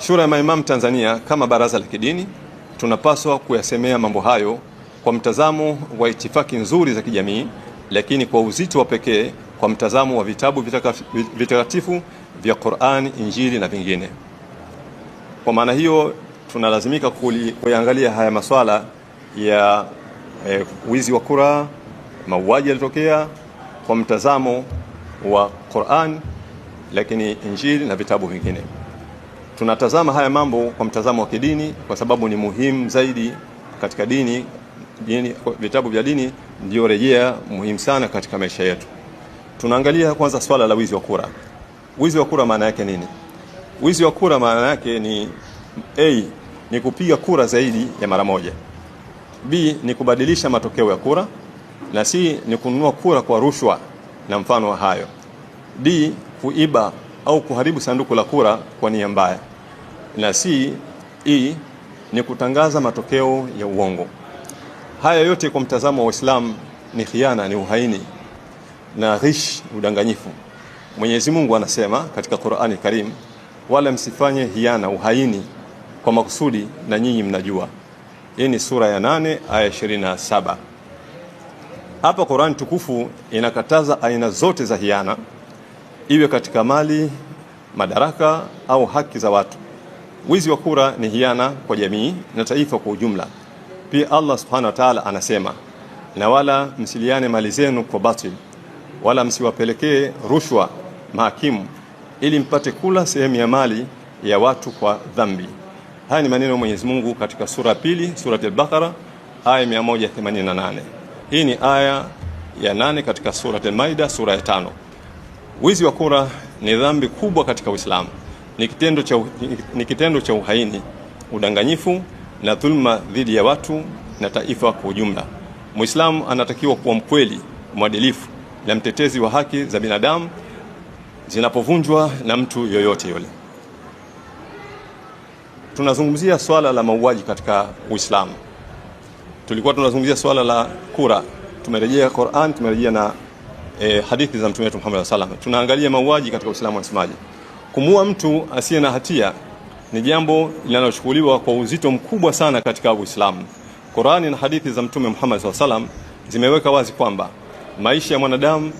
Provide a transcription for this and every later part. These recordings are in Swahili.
Shura ya Maimamu Tanzania kama baraza la kidini tunapaswa kuyasemea mambo hayo kwa mtazamo wa itifaki nzuri za kijamii, lakini kwa uzito wa pekee kwa mtazamo wa vitabu vitakatifu vya Qur'an, Injili na vingine. Kwa maana hiyo tunalazimika kuyaangalia haya masuala ya eh, wizi wa kura, mauaji yalitokea kwa mtazamo wa Qur'an, lakini Injili na vitabu vingine tunatazama haya mambo kwa mtazamo wa kidini, kwa sababu ni muhimu zaidi katika dini. Dini, vitabu vya dini ndio rejea muhimu sana katika maisha yetu. Tunaangalia kwanza swala la wizi wa kura. Wizi wa kura maana yake nini? Wizi wa kura maana yake ni A, ni kupiga kura zaidi ya mara moja. B, ni kubadilisha matokeo ya kura, na C, ni kununua kura kwa rushwa na mfano wa hayo. D, kuiba au kuharibu sanduku la kura kwa nia mbaya na C E ni kutangaza matokeo ya uongo. Haya yote kwa mtazamo wa Uislamu ni khiana, ni uhaini na ghish, udanganyifu. Mwenyezi Mungu anasema katika Qur'ani Karim, wala msifanye hiana, uhaini kwa makusudi, na nyinyi mnajua. Hii ni sura ya nane aya 27. Hapa Qur'ani tukufu inakataza aina zote za hiana, iwe katika mali, madaraka au haki za watu. Wizi wa kura ni hiana kwa jamii na taifa kwa ujumla. Pia Allah subhanahu wa ta'ala anasema, na wala msiliane mali zenu kwa batil, wala msiwapelekee rushwa mahakimu, ili mpate kula sehemu ya mali ya watu kwa dhambi. Haya ni maneno ya Mwenyezi Mungu katika sura pili, surati al-Baqara aya 188. Hii ni aya ya nane katika sura al-Maida, sura ya tano. Wizi wa kura ni dhambi kubwa katika Uislamu ni kitendo cha, ni kitendo cha uhaini, udanganyifu na dhulma dhidi ya watu na taifa kwa ujumla. Muislamu anatakiwa kuwa mkweli, mwadilifu na mtetezi wa haki za binadamu zinapovunjwa na mtu yoyote yule. Tunazungumzia swala la mauaji katika Uislamu. Tulikuwa tunazungumzia swala la kura, tumerejea Qur'an, tumerejea na e, hadithi za Mtume wetu Muhammad sallallahu alaihi wasallam. Tunaangalia mauaji katika Uislamu, wanasemaje? Kumuua mtu asiye na hatia ni jambo linalochukuliwa kwa uzito mkubwa sana katika Uislamu. Qurani na hadithi za Mtume Muhammad SAW salam zimeweka wazi kwamba maisha ya mwanadamu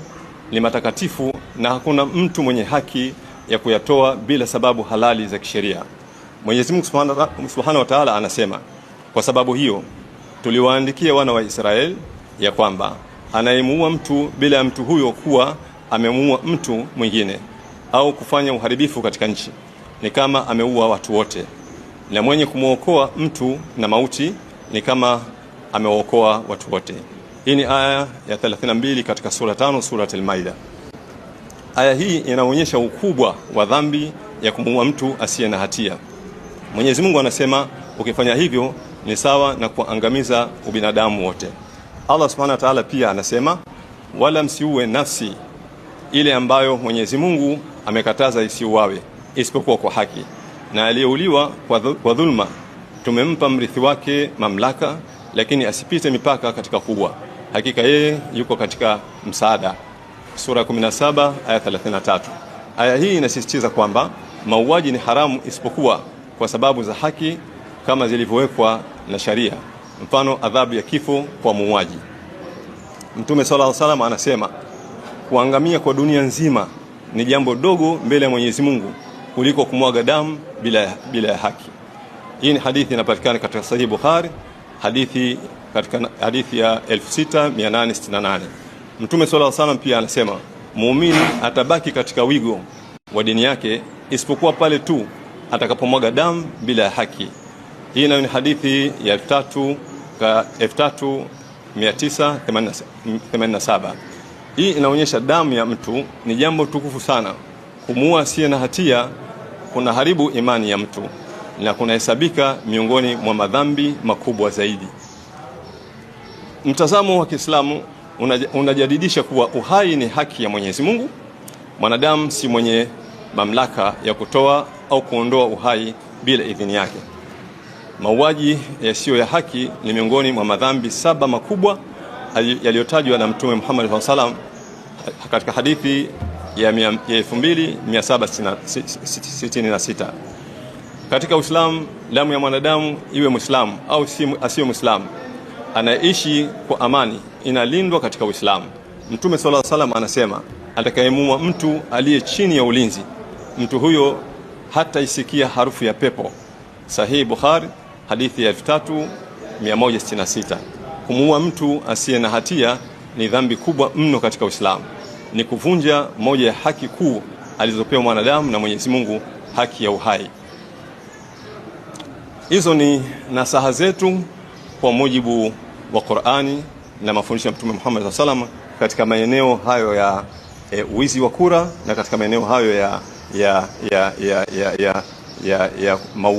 ni matakatifu na hakuna mtu mwenye haki ya kuyatoa bila sababu halali za kisheria. Mwenyezi Mungu Subhanahu wa Ta'ala anasema, kwa sababu hiyo tuliwaandikia wana wa Israeli ya kwamba anayemuua mtu bila ya mtu huyo kuwa amemuua mtu mwingine au kufanya uharibifu katika nchi ni kama ameua watu wote, na mwenye kumwokoa mtu na mauti ni kama amewaokoa watu wote. Hii ni aya ya 32 katika sura tano Surat Al-Maida. Aya hii inaonyesha ukubwa wa dhambi ya kumuua mtu asiye na hatia. Mwenyezi Mungu anasema ukifanya hivyo ni sawa na kuangamiza ubinadamu wote. Allah Subhanahu wa Ta'ala pia anasema wala msiue nafsi ile ambayo Mwenyezi Mungu amekataza isiuawe isipokuwa kwa haki, na aliyeuliwa kwa dhulma tumempa mrithi wake mamlaka, lakini asipite mipaka katika kuua. Hakika yeye yuko katika msaada. Sura 17 aya 33. Aya hii inasisitiza kwamba mauaji ni haramu isipokuwa kwa sababu za haki kama zilivyowekwa na sharia, mfano adhabu ya kifo kwa muuaji. Mtume sallallahu alaihi wasallam anasema kuangamia kwa dunia nzima ni jambo dogo mbele ya Mwenyezi Mungu kuliko kumwaga damu bila, bila ya haki. Hii ni hadithi inapatikana katika Sahihi Bukhari, hadithi katika hadithi ya 6868 Mtume swalla salam pia anasema muumini atabaki katika wigo wa dini yake isipokuwa pale tu atakapomwaga damu bila ya haki. Hii nayo ni hadithi ya 3987 hii inaonyesha damu ya mtu ni jambo tukufu sana. Kumuua asiye na hatia kuna haribu imani ya mtu na kunahesabika miongoni mwa madhambi makubwa zaidi. Mtazamo wa Kiislamu unajadidisha kuwa uhai ni haki ya Mwenyezi Mungu. Mwanadamu si mwenye mamlaka ya kutoa au kuondoa uhai bila idhini yake. Mauaji yasiyo ya haki ni miongoni mwa madhambi saba makubwa yaliyotajwa na Mtume Muhammad SAW salam katika hadithi ya 2766 katika Uislamu, damu ya mwanadamu iwe Muislamu au asiye Muislamu anaishi kwa amani inalindwa katika Uislamu. Mtume sallallahu salam anasema atakayemua mtu aliye chini ya ulinzi, mtu huyo hataisikia harufu ya pepo. Sahihi Bukhari, hadithi ya 3166 kumuua mtu asiye na hatia ni dhambi kubwa mno katika Uislamu, ni kuvunja moja ya haki kuu alizopewa mwanadamu na Mwenyezi Mungu, haki ya uhai. Hizo ni nasaha zetu kwa mujibu wa Qur'ani na mafundisho ya Mtume Muhammad SAW katika maeneo hayo ya e, wizi wa kura na katika maeneo hayo ya, ya, ya, ya, ya, ya, ya, ya ya